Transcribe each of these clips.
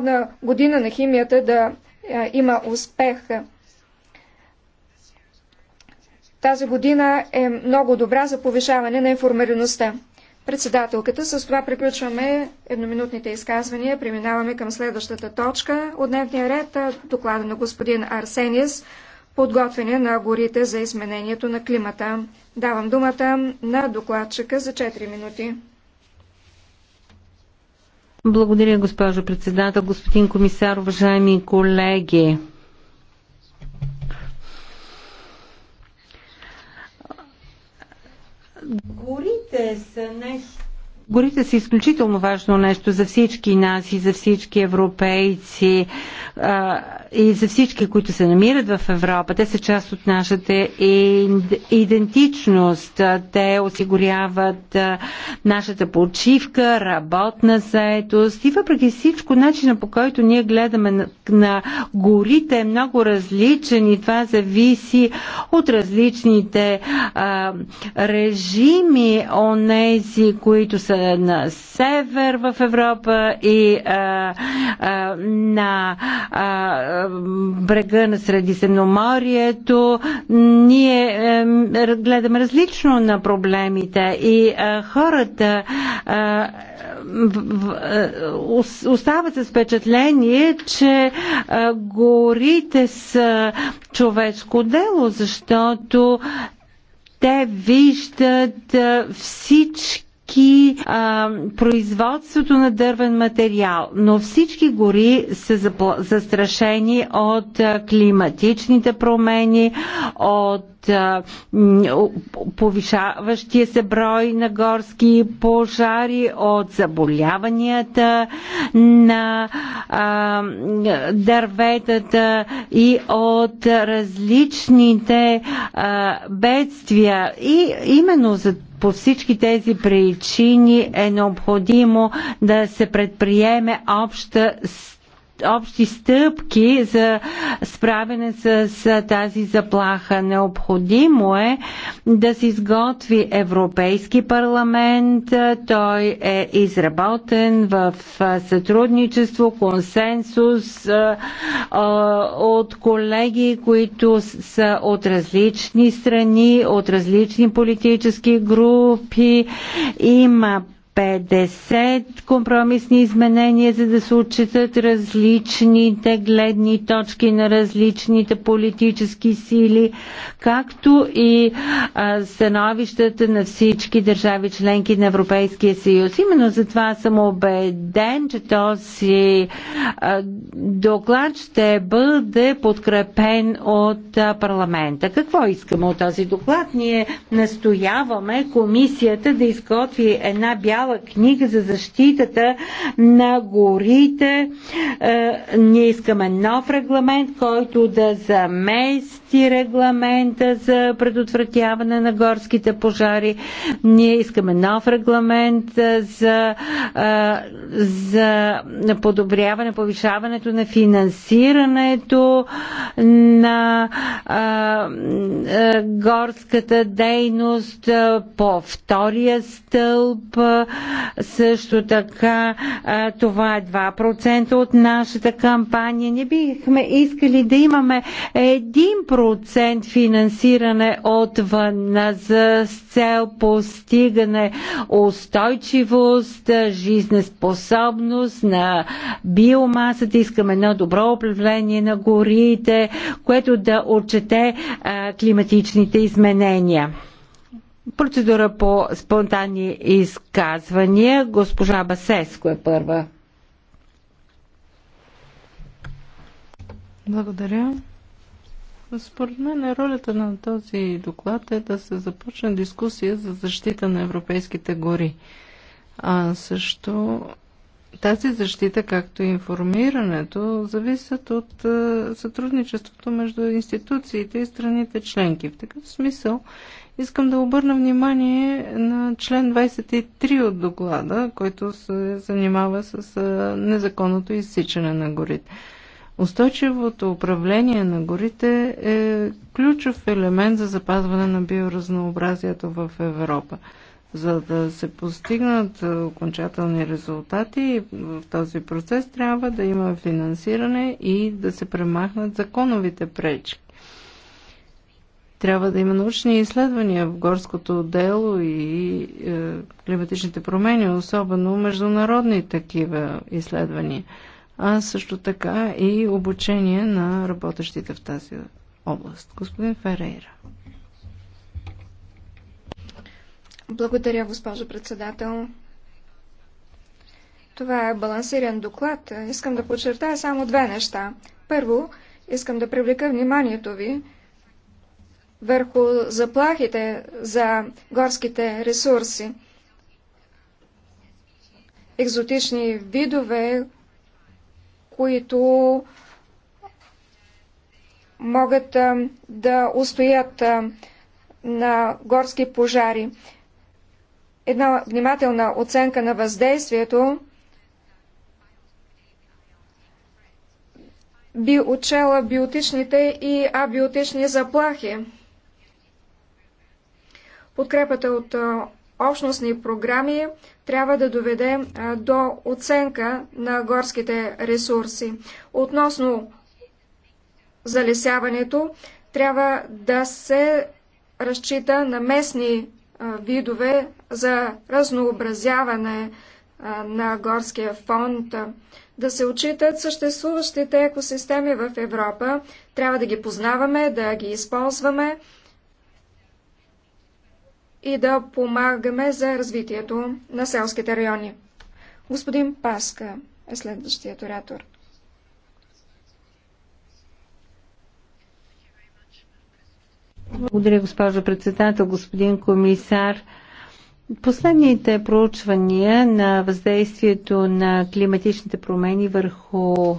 на година на химията да е, има успех. Тази година е много добра за повишаване на информираността. Председателката, с това приключваме едноминутните изказвания. Преминаваме към следващата точка от дневния ред, доклада на господин Арсенис, подготвяне на горите за изменението на климата. Давам думата на докладчика за 4 минути. Благодаря, госпожо председател, господин комисар, уважаеми колеги. Горите са нещо Горите са изключително важно нещо за всички нас и за всички европейци а, и за всички, които се намират в Европа. Те са част от нашата идентичност. Те осигуряват а, нашата почивка, работна заетост и въпреки всичко начина по който ние гледаме на, на горите е много различен и това зависи от различните а, режими, онези, които са на север в Европа и а, а, на а, брега на Средиземноморието. Ние а, гледаме различно на проблемите и а, хората а, остават с впечатление, че а, горите са човешко дело, защото те виждат всички всички а, производството на дървен материал, но всички гори са запла... застрашени от климатичните промени, от повишаващия се брой на горски пожари, от заболяванията на а, дърветата и от различните а, бедствия. И именно за по всички тези причини е необходимо да се предприеме обща общи стъпки за справяне с, с тази заплаха. Необходимо е да се изготви Европейски парламент. Той е изработен в сътрудничество, консенсус от колеги, които са от различни страни, от различни политически групи. Има 50 компромисни изменения, за да се отчитат различните гледни точки на различните политически сили, както и а, становищата на всички държави членки на Европейския съюз. Именно за това съм убеден, че този а, доклад ще бъде подкрепен от а, парламента. Какво искаме от този доклад? Ние настояваме комисията да изготви една бяла бяла книга за защитата на горите. Е, ние искаме нов регламент, който да замести регламента за предотвратяване на горските пожари. Ние искаме нов регламент е, за, е, за подобряване, повишаването на финансирането на горската дейност по втория стълб също така това е 2% от нашата кампания. Не бихме искали да имаме 1% финансиране отвън за цел постигане устойчивост, жизнеспособност на биомасата. Искаме едно добро управление на горите, което да отчете климатичните изменения. Процедура по спонтанни изказвания. Госпожа Басеско е първа. Благодаря. Според мен е ролята на този доклад е да се започне дискусия за защита на европейските гори. А също тази защита, както и информирането, зависят от е, сътрудничеството между институциите и страните членки. В такъв смисъл искам да обърна внимание на член 23 от доклада, който се занимава с е, незаконното изсичане на горите. Устойчивото управление на горите е ключов елемент за запазване на биоразнообразието в Европа. За да се постигнат е, окончателни резултати в този процес трябва да има финансиране и да се премахнат законовите пречки. Трябва да има научни изследвания в горското дело и е, климатичните промени, особено международни такива изследвания, а също така и обучение на работещите в тази област. Господин Ферейра. Благодаря, госпожо председател. Това е балансиран доклад. Искам да подчертая само две неща. Първо, искам да привлека вниманието ви върху заплахите за горските ресурси. Екзотични видове, които могат да устоят на горски пожари една внимателна оценка на въздействието би отчела биотичните и абиотични заплахи. Подкрепата от общностни програми трябва да доведе до оценка на горските ресурси. Относно залесяването, трябва да се разчита на местни видове за разнообразяване на горския фонд, да се отчитат съществуващите екосистеми в Европа. Трябва да ги познаваме, да ги използваме и да помагаме за развитието на селските райони. Господин Паска е следващият оратор. Благодаря, госпожа председател, господин комисар. Последните проучвания на въздействието на климатичните промени върху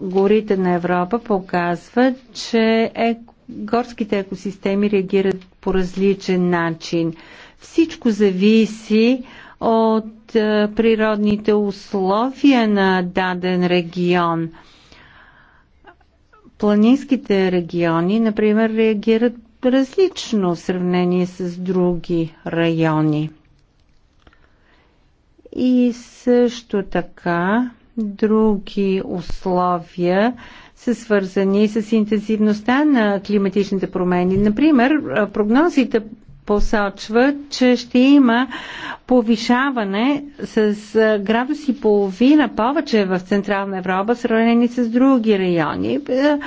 горите на Европа показват, че е, горските екосистеми реагират по различен начин. Всичко зависи от е, природните условия на даден регион. Планинските региони, например, реагират различно в сравнение с други райони. И също така други условия са свързани с интензивността на климатичните промени. Например, прогнозите посочва, че ще има повишаване с градус и половина повече в Централна Европа, сравнени с други райони. Е,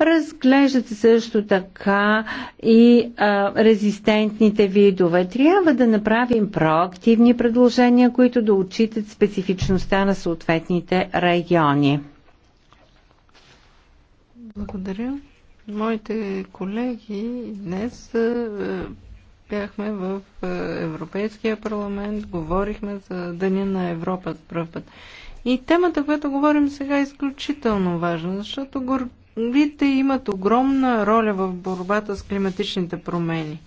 разглеждат се също така и а, резистентните видове. Трябва да направим проактивни предложения, които да отчитат специфичността на съответните райони. Благодаря. Моите колеги днес е, бяхме в е, Европейския парламент, говорихме за Деня на Европа с пръв път. И темата, която говорим сега е изключително важна, защото горите имат огромна роля в борбата с климатичните промени.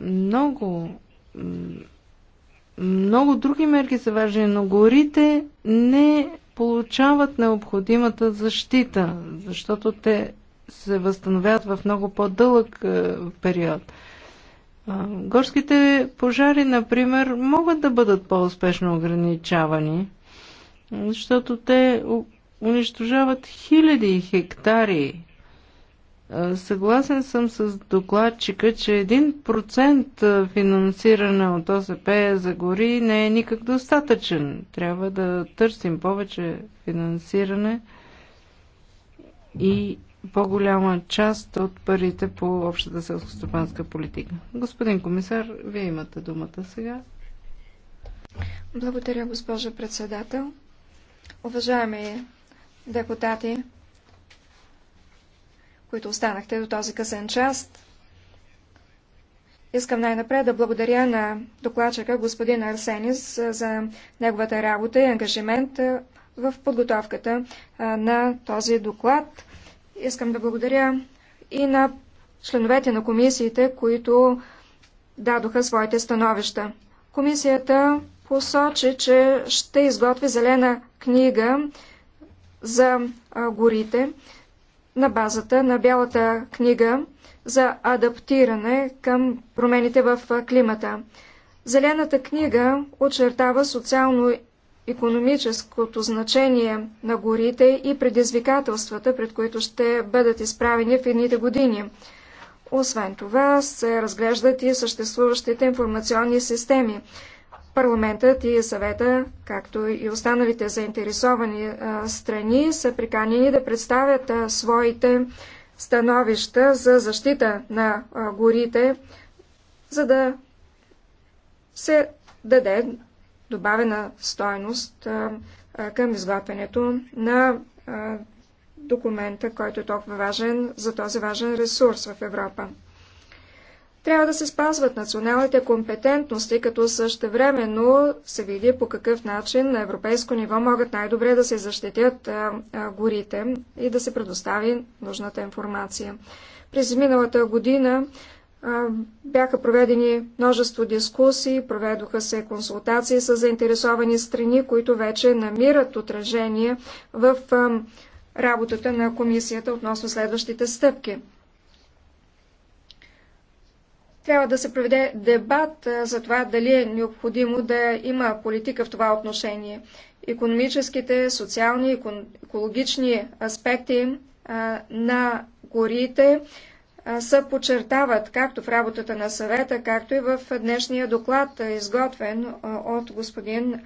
Много много други мерки са важни, но горите не получават необходимата защита, защото те се възстановяват в много по-дълъг е, период. Горските пожари, например, могат да бъдат по-успешно ограничавани, защото те унищожават хиляди хектари. Съгласен съм с докладчика, че 1% финансиране от ОСП за гори не е никак достатъчен. Трябва да търсим повече финансиране и по-голяма част от парите по общата селскостопанска политика. Господин комисар, вие имате думата сега. Благодаря, госпожа председател. Уважаеми депутати, които останахте до този късен част, искам най-напред да благодаря на докладчика господин Арсенис за неговата работа и ангажимент в подготовката на този доклад. Искам да благодаря и на членовете на комисиите, които дадоха своите становища. Комисията посочи, че ще изготви зелена книга за горите на базата на Бялата книга за адаптиране към промените в климата. Зелената книга очертава социално економическото значение на горите и предизвикателствата, пред които ще бъдат изправени в едните години. Освен това се разглеждат и съществуващите информационни системи. Парламентът и съвета, както и останалите заинтересовани страни, са приканени да представят своите становища за защита на горите, за да се даде добавена стойност към изготвянето на документа, който е толкова важен за този важен ресурс в Европа. Трябва да се спазват националните компетентности, като същевременно се види по какъв начин на европейско ниво могат най-добре да се защитят горите и да се предостави нужната информация. През миналата година бяха проведени множество дискусии, проведоха се консултации с заинтересовани страни, които вече намират отражение в работата на комисията относно следващите стъпки. Трябва да се проведе дебат за това дали е необходимо да има политика в това отношение. Економическите, социални, екологични аспекти на горите се подчертават както в работата на съвета, както и в днешния доклад, изготвен от господин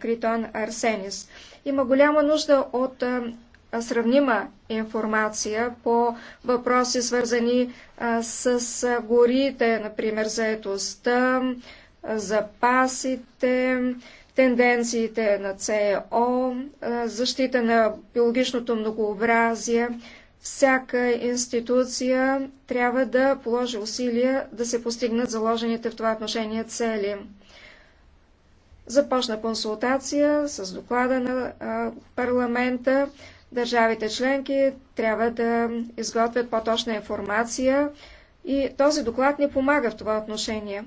Критон Арсенис. Има голяма нужда от сравнима информация по въпроси, свързани с горите, например, заетостта, запасите, тенденциите на ЦО, защита на биологичното многообразие всяка институция трябва да положи усилия да се постигнат заложените в това отношение цели. Започна консултация с доклада на парламента. Държавите членки трябва да изготвят по-точна информация и този доклад не помага в това отношение.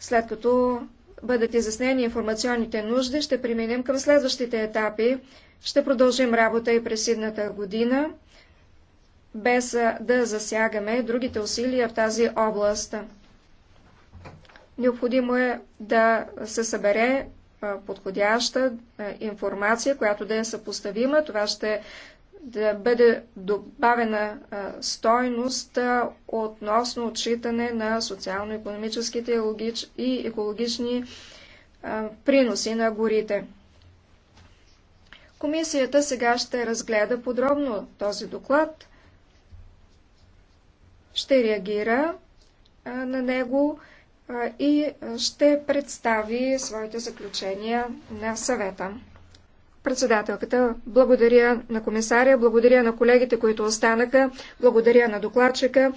След като бъдат изяснени информационните нужди, ще преминем към следващите етапи. Ще продължим работа и през идната година без да засягаме другите усилия в тази област. Необходимо е да се събере подходяща информация, която да е съпоставима. Това ще да бъде добавена стойност относно отчитане на социално-економическите и екологични приноси на горите. Комисията сега ще разгледа подробно този доклад ще реагира на него и ще представи своите заключения на съвета. Председателката, благодаря на комисаря, благодаря на колегите, които останаха, благодаря на докладчика.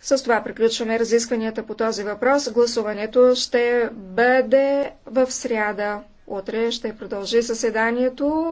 С това приключваме разискванията по този въпрос. Гласуването ще бъде в сряда. Утре ще продължи заседанието.